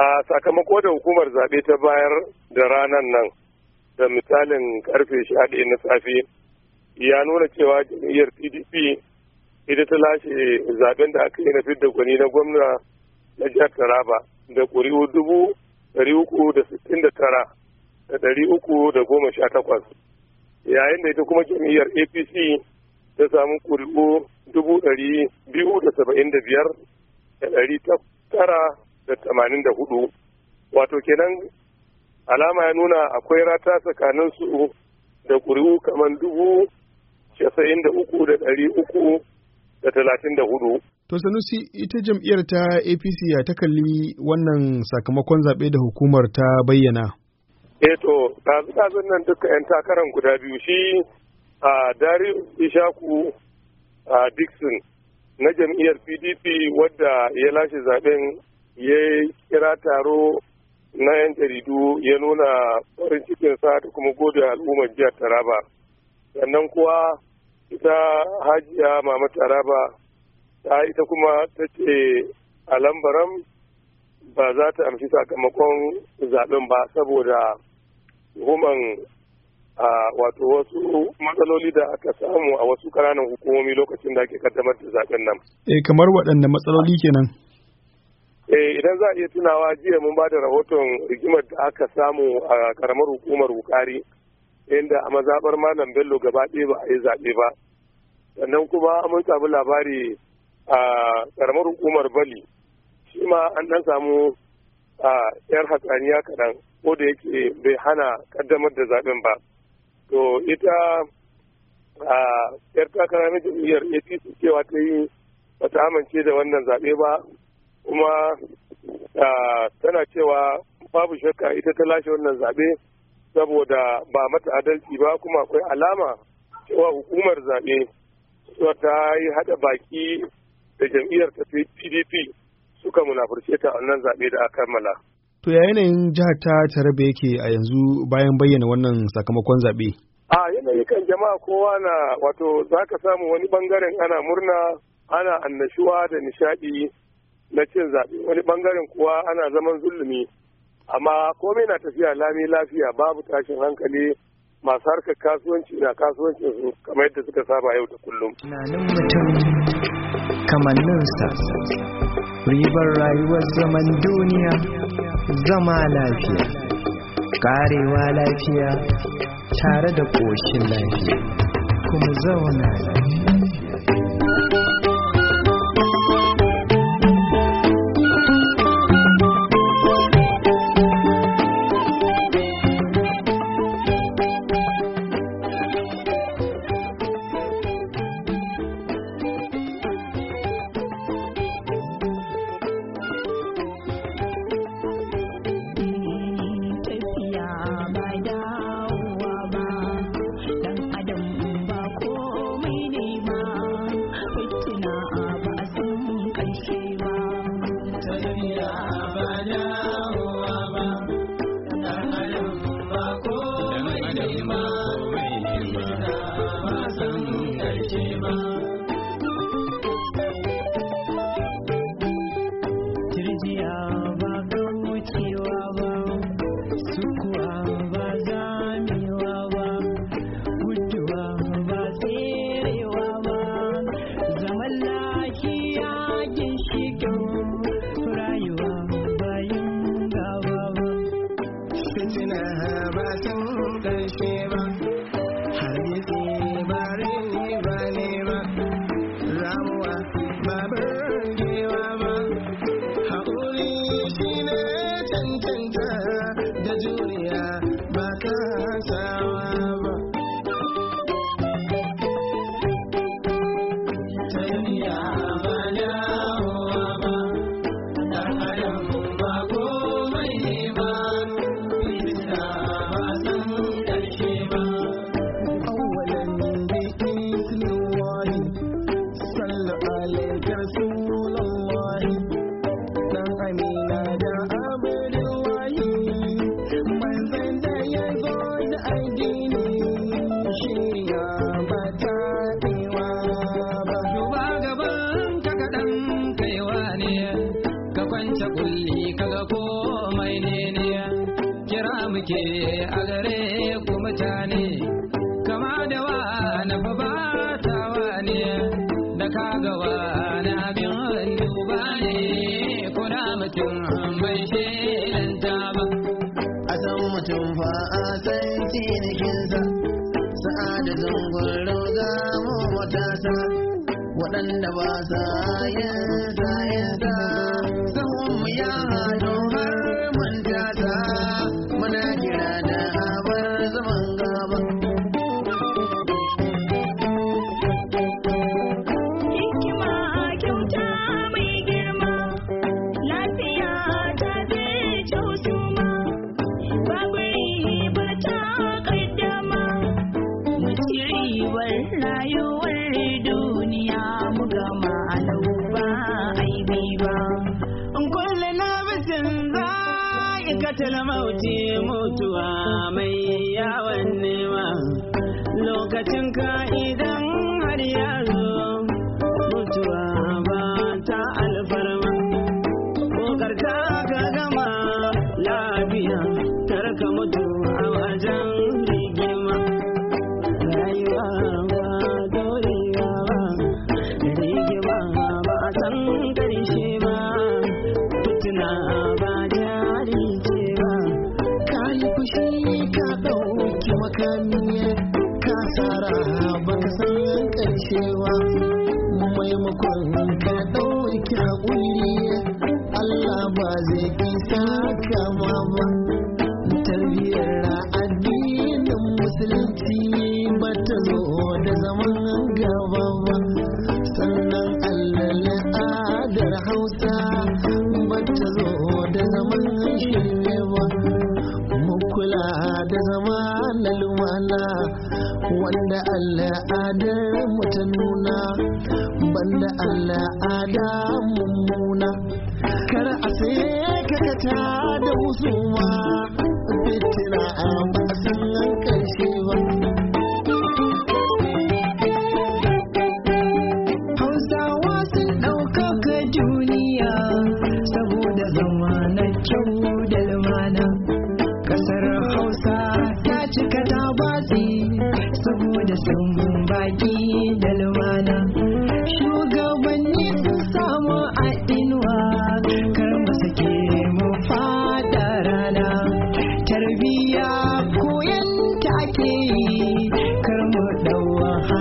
a sakamako da hukumar zaɓe ta bayar da ranar nan da misalin karfe shaɗe na safe ya nuna cewa jam'iyyar pdp ita ta lashe zaɓen da aka yi na fidda gwani na gwamna na jihar taraba da ƙuri'u dubu ɗari uku da sittin da tara da ɗari uku da goma sha takwas yayin da ita kuma jam'iyyar apc ta samu ƙuri'u dubu ɗari biyu da saba'in da biyar da ɗari tara 1984 wato kenan alama ya nuna akwai rata tsakanin su da ƙuri'u kamar dubu casa'in da uku da ɗari uku da talatin da hudu. To Sanusi ita jam'iyyar ta APC ya ta kalli wannan sakamakon zaɓe da hukumar ta bayyana. Eh to, ɗazu nan duka 'yan takarar guda biyu shi a Dari Ishaku a Dixon na jam'iyyar PDP wadda ya lashe zaɓen ya kira taro na 'yan jaridu ya nuna farin cikinsa da kuma gode al'ummar jihar taraba sannan kuwa ita hajiya mama taraba ta ita kuma ta ce a lambaran ba za ta amshi sakamakon zaben ba saboda human a wato wasu matsaloli da aka samu a wasu ƙananan hukumomi lokacin da ake kaddamar da zaben nan. Eh kamar waɗanne matsaloli kenan? Eh, idan za a iya tunawa jiya mun ba da rahoton rigimar da aka samu a karamar hukumar wukari inda a mazabar malam bello gaba ɗaya ba a yi zaɓe ba sannan kuma mun samu labari a karamar hukumar bali shi ma an ɗan samu a yar hatsaniya kaɗan ko da yake bai hana ƙaddamar da zaɓen ba to ita a yar takara na jam'iyyar apc cewa ta yi bata amince da wannan zaɓe ba kuma tana cewa babu shakka ita ta lashe wannan zaɓe saboda ba mata adalci ba kuma akwai alama cewa hukumar zaɓe ta yi haɗa baki da jam'iyyar ta pdp suka munafurce ta wannan zaɓe da aka kammala. To ya yanayin jihar ta Taraba yake a yanzu bayan bayyana wannan sakamakon zaɓe? A yanayi kan jama'a kowa na wato za ka samu wani bangaren ana murna ana annashuwa da nishaɗi na cin zaɓe wani ɓangaren kuwa ana zaman zulumi amma komai na tafiya lami lafiya babu tashin hankali masu harkar kasuwanci na kasuwancin su kamar yadda suka saba yau da kullum. Tunanin mutum sa ribar rayuwar zaman duniya zama lafiya karewa lafiya tare da ƙoshin lafiya kuma zauna lafiya. bai shelanta ba a san mutum fa a san cinikinsa sa'a da zangon rauza mu matasa waɗanda ba sa yin sayensa sahun ya hado malikatul mauti mutuwa mai yawon nema lokacin ka idan har yanzu maimakon ka ɗauki haƙuri Allah ba zai isa kama ba tarbiyyar addinin musulunci ba ta zo da zaman gaba ba banda Allah adamu ta nuna banda Allah adamu mummuna kar a sai ka ta da husuma fitina a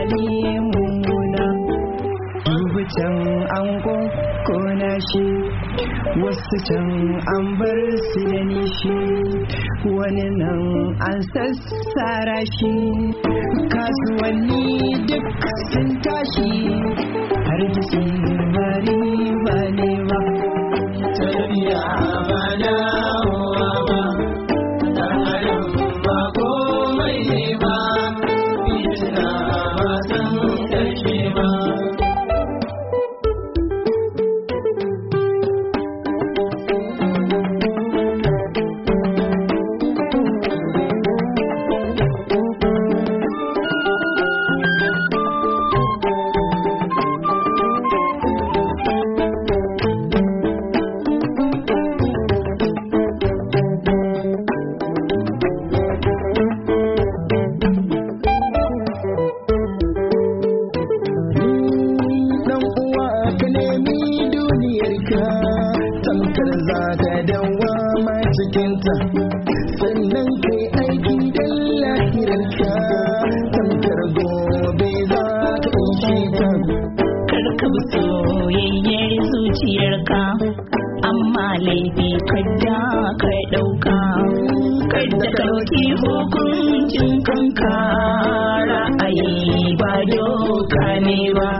hali mummuna dubu can an kona shi wasu can an bar su da nishi wani nan an sassara shi kasuwanni duk sun tashi har kisin bari ba ne ba ba cikinta sannan kai aiki don lahirarka tamkar gobe za ka ɗauke ta karka soyayyar zuciyarka amma laifi kadda ka ɗauka kadda ka ɗauki hukuncin kanka ra'ayi ba doka ne ba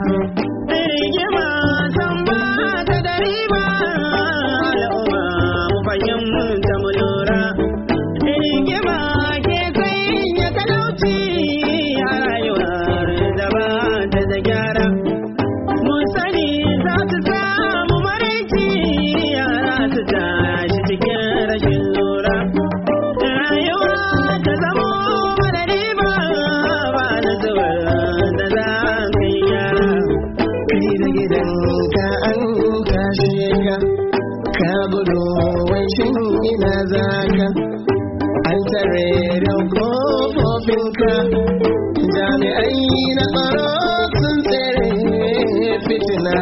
fitina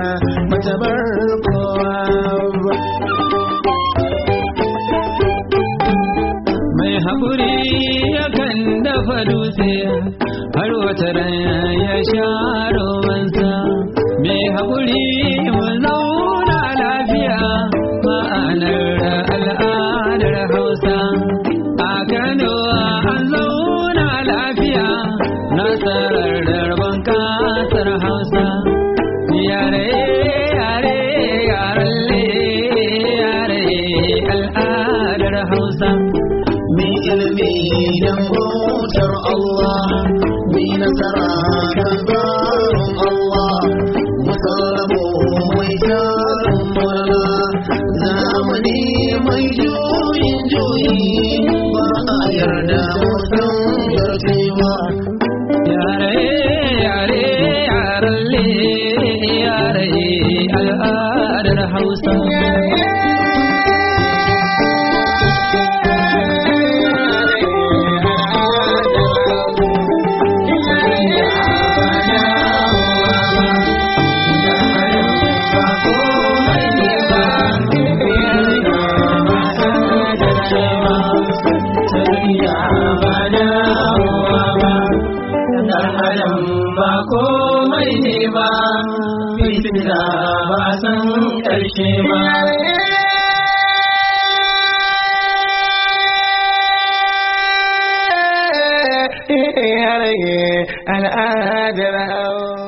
bata bar kowa ba mai haƙuri yakan dafa dutse har wata ya sha romansa mai haƙuri mu mai ne ba fitina ba san karshe ba al'adar hau